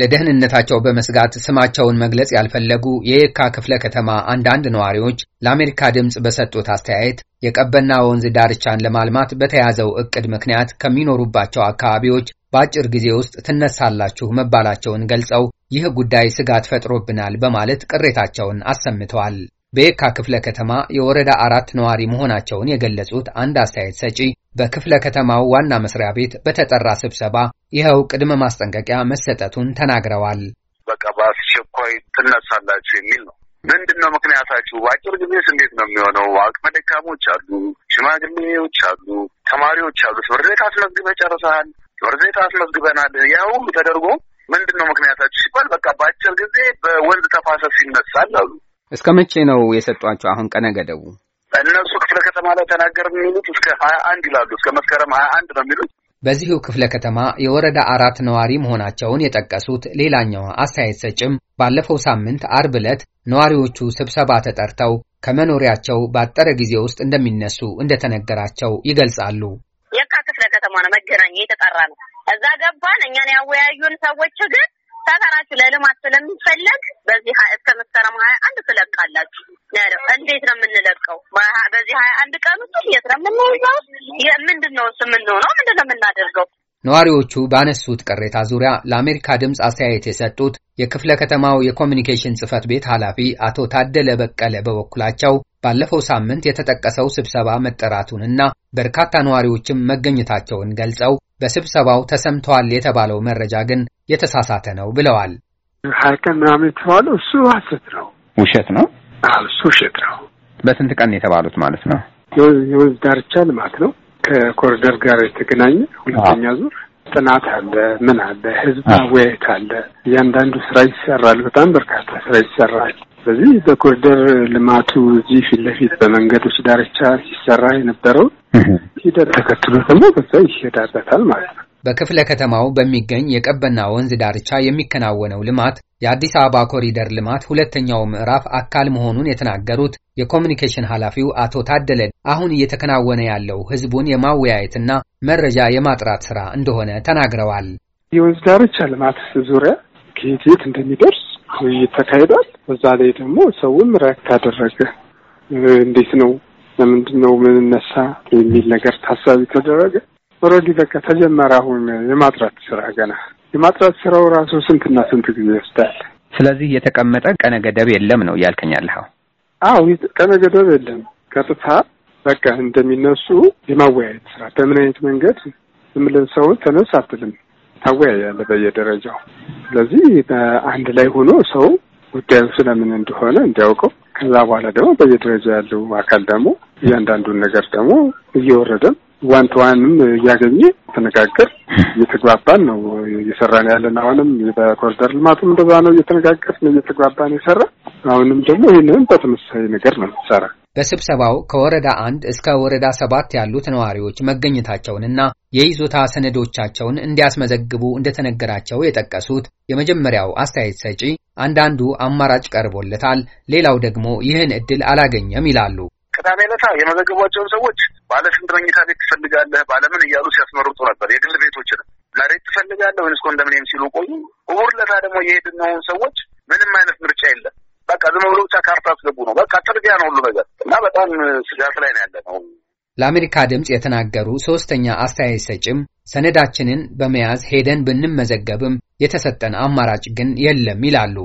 ለደህንነታቸው በመስጋት ስማቸውን መግለጽ ያልፈለጉ የየካ ክፍለ ከተማ አንዳንድ ነዋሪዎች ለአሜሪካ ድምፅ በሰጡት አስተያየት የቀበና ወንዝ ዳርቻን ለማልማት በተያዘው እቅድ ምክንያት ከሚኖሩባቸው አካባቢዎች በአጭር ጊዜ ውስጥ ትነሳላችሁ መባላቸውን ገልጸው ይህ ጉዳይ ስጋት ፈጥሮብናል በማለት ቅሬታቸውን አሰምተዋል። በየካ ክፍለ ከተማ የወረዳ አራት ነዋሪ መሆናቸውን የገለጹት አንድ አስተያየት ሰጪ በክፍለ ከተማው ዋና መስሪያ ቤት በተጠራ ስብሰባ ይኸው ቅድመ ማስጠንቀቂያ መሰጠቱን ተናግረዋል። በቃ በአስቸኳይ ትነሳላችሁ የሚል ነው። ምንድን ነው ምክንያታችሁ? በአጭር ጊዜስ እንዴት ነው የሚሆነው? አቅመ ደካሞች አሉ፣ ሽማግሌዎች አሉ፣ ተማሪዎች አሉ። ትምህርት ቤት አስመዝግበ ጨርሰሃል፣ ትምህርት ቤት አስመዝግበናል። ያ ሁሉ ተደርጎ ምንድን ነው ምክንያታችሁ ሲባል በቃ በአጭር ጊዜ በወንዝ ተፋሰስ ይነሳል አሉ። እስከ መቼ ነው የሰጧቸው አሁን ቀነ ገደቡ? እነሱ ክፍለ ከተማ ላይ ተናገር የሚሉት እስከ ሀያ አንድ ይላሉ። እስከ መስከረም ሀያ አንድ ነው የሚሉት። በዚሁ ክፍለ ከተማ የወረዳ አራት ነዋሪ መሆናቸውን የጠቀሱት ሌላኛው አስተያየት ሰጭም ባለፈው ሳምንት አርብ ዕለት ነዋሪዎቹ ስብሰባ ተጠርተው ከመኖሪያቸው ባጠረ ጊዜ ውስጥ እንደሚነሱ እንደተነገራቸው ይገልጻሉ። የካ ክፍለ ከተማ ነው መገናኛ የተጠራ ነው። እዛ ገባን። እኛን ያወያዩን ሰዎች ግን ተከራችሁ ለልማት ስለሚፈለግ በዚህ እስከ መስከረም ሀያ አንድ ትለቃላችሁ። እንዴት ነው የምንለቀው? በዚህ ሀያ አንድ ቀን ውስጥ የት ነው የምንይዘው? ምንድን ነው የምንሆነው? ምንድን ነው የምናደርገው? ነዋሪዎቹ ባነሱት ቅሬታ ዙሪያ ለአሜሪካ ድምፅ አስተያየት የሰጡት የክፍለ ከተማው የኮሚኒኬሽን ጽህፈት ቤት ኃላፊ አቶ ታደለ በቀለ በበኩላቸው ባለፈው ሳምንት የተጠቀሰው ስብሰባ መጠራቱንና በርካታ ነዋሪዎችም መገኘታቸውን ገልጸው በስብሰባው ተሰምተዋል የተባለው መረጃ ግን የተሳሳተ ነው ብለዋል። ሀያ ቀን ምናምን የተባለው እሱ ሀሰት ነው፣ ውሸት ነው፣ እሱ ውሸት ነው። በስንት ቀን የተባሉት ማለት ነው? የወንዝ ዳርቻ ልማት ነው ከኮሪደር ጋር የተገናኘ ሁለተኛ ዙር ጥናት አለ። ምን አለ? ህዝብ አወያየት አለ። እያንዳንዱ ስራ ይሰራል። በጣም በርካታ ስራ ይሰራል። ስለዚህ በኮሪደር ልማቱ እዚህ ፊት ለፊት በመንገዶች ዳርቻ ሲሰራ የነበረው ሂደት ተከትሎ ደግሞ በዛ ይሄዳበታል ማለት ነው። በክፍለ ከተማው በሚገኝ የቀበና ወንዝ ዳርቻ የሚከናወነው ልማት የአዲስ አበባ ኮሪደር ልማት ሁለተኛው ምዕራፍ አካል መሆኑን የተናገሩት የኮሚኒኬሽን ኃላፊው አቶ ታደለ አሁን እየተከናወነ ያለው ሕዝቡን የማወያየትና መረጃ የማጥራት ስራ እንደሆነ ተናግረዋል። የወንዝ ዳርቻ ልማት ዙሪያ ከየት የት እንደሚደርስ ውይይት ተካሂዷል። በዛ ላይ ደግሞ ሰውም ሪያክት አደረገ። እንዴት ነው ለምንድን ነው ምንነሳ የሚል ነገር ታሳቢ ተደረገ። ኦልሬዲ በቃ ተጀመረ። አሁን የማጥራት ስራ ገና የማጥራት ስራው ራሱ ስንትና ስንት ጊዜ ይወስዳል። ስለዚህ የተቀመጠ ቀነ ገደብ የለም ነው ያልከኛለኸው? አዎ ቀነ ገደብ የለም። ቀጥታ በቃ እንደሚነሱ የማወያየት ስራ በምን አይነት መንገድ ዝም ብለን ሰውን ተነስ አትልም ታወያያለህ በየደረጃው ስለዚህ አንድ ላይ ሆኖ ሰው ጉዳዩ ስለምን እንደሆነ እንዲያውቀው ከዛ በኋላ ደግሞ በየደረጃ ያለው አካል ደግሞ እያንዳንዱን ነገር ደግሞ እየወረደም ዋን ተዋንም እያገኘ ተነጋገር እየተግባባን ነው እየሰራን ያለን። አሁንም በኮሪደር ልማቱም እንደዛ ነው፣ እየተነጋገርን እየተግባባን የሰራ አሁንም ደግሞ ይህንንም በተመሳሳይ ነገር ነው ሰራ በስብሰባው ከወረዳ አንድ እስከ ወረዳ ሰባት ያሉት ነዋሪዎች መገኘታቸውንና የይዞታ ሰነዶቻቸውን እንዲያስመዘግቡ እንደተነገራቸው የጠቀሱት የመጀመሪያው አስተያየት ሰጪ አንዳንዱ አማራጭ ቀርቦለታል፣ ሌላው ደግሞ ይህን እድል አላገኘም ይላሉ። ቅዳሜ ዕለት የመዘገቧቸውን ሰዎች ባለ ስንት መኝታ ቤት ትፈልጋለህ ባለምን እያሉ ሲያስመርጡ ነበር። የግል ቤቶችን መሬት ትፈልጋለህ ወይስ ኮንዶሚኒየም ሲሉ ቆዩ። እሑድ ዕለት ደግሞ የሄድነውን ሰዎች ምንም አይነት ምርጫ የለም በቃ ዝም ብሎ ብቻ ካርታ አስገቡ ነው። በቃ ጥርጊያ ነው ሁሉ ነገር እና በጣም ስጋት ላይ ነው ያለ ነው። ለአሜሪካ ድምፅ የተናገሩ ሶስተኛ አስተያየት ሰጭም ሰነዳችንን በመያዝ ሄደን ብንመዘገብም የተሰጠን አማራጭ ግን የለም ይላሉ።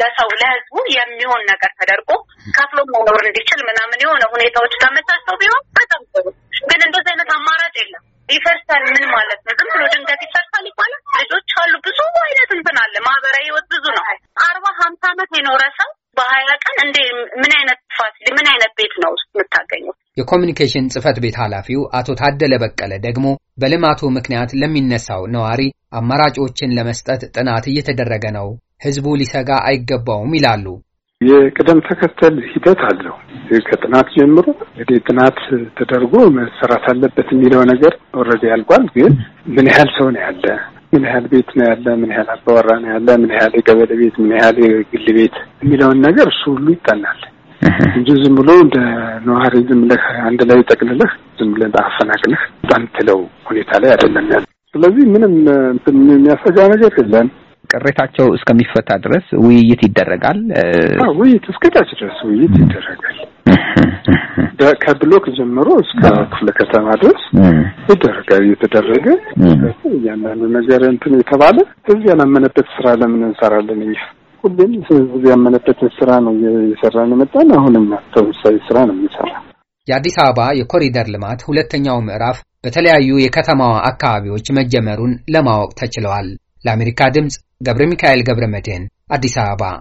ለሰው ለህዝቡ የሚሆን ነገር ተደርጎ ከፍሎ መኖር እንዲችል ምናምን የሆነ ሁኔታዎች ተመቻችተው ቢሆን በጣም ግን እንደዚህ አይነት አማራጭ የለም። ሪፈርሰን ቤት ነው የምታገኘው። የኮሚኒኬሽን ጽህፈት ቤት ኃላፊው አቶ ታደለ በቀለ ደግሞ በልማቱ ምክንያት ለሚነሳው ነዋሪ አማራጮችን ለመስጠት ጥናት እየተደረገ ነው፣ ህዝቡ ሊሰጋ አይገባውም ይላሉ። የቅደም ተከተል ሂደት አለው። ከጥናት ጀምሮ እንግዲህ ጥናት ተደርጎ መሰራት አለበት የሚለው ነገር ወረደ ያልቋል። ግን ምን ያህል ሰው ነው ያለ፣ ምን ያህል ቤት ነው ያለ፣ ምን ያህል አባወራ ነው ያለ፣ ምን ያህል የቀበሌ ቤት፣ ምን ያህል የግል ቤት የሚለውን ነገር እሱ ሁሉ ይጠናል። እንጂ ዝም ብሎ እንደ ነዋሪ ዝም ብለህ አንድ ላይ ጠቅልለህ ዝም ብለህ አፈናቅለህ ጣንትለው ሁኔታ ላይ አይደለም ያለ። ስለዚህ ምንም የሚያሰጋ ነገር የለም። ቅሬታቸው እስከሚፈታ ድረስ ውይይት ይደረጋል። ውይይት እስከታች ድረስ ውይይት ይደረጋል። ከብሎክ ጀምሮ እስከ ክፍለ ከተማ ድረስ ይደረጋል እየተደረገ እያንዳንዱ ነገር እንትን የተባለ ህዝብ ያላመነበት ስራ ለምን እንሰራለን እኛ ሁሌም ህዝብ ያመነበት ስራ ነው እየሰራን የመጣን። አሁንም ተመሳሳይ ስራ ነው የሚሰራ። የአዲስ አበባ የኮሪደር ልማት ሁለተኛው ምዕራፍ በተለያዩ የከተማዋ አካባቢዎች መጀመሩን ለማወቅ ተችለዋል። ለአሜሪካ ድምፅ ገብረ ሚካኤል ገብረ መድህን አዲስ አበባ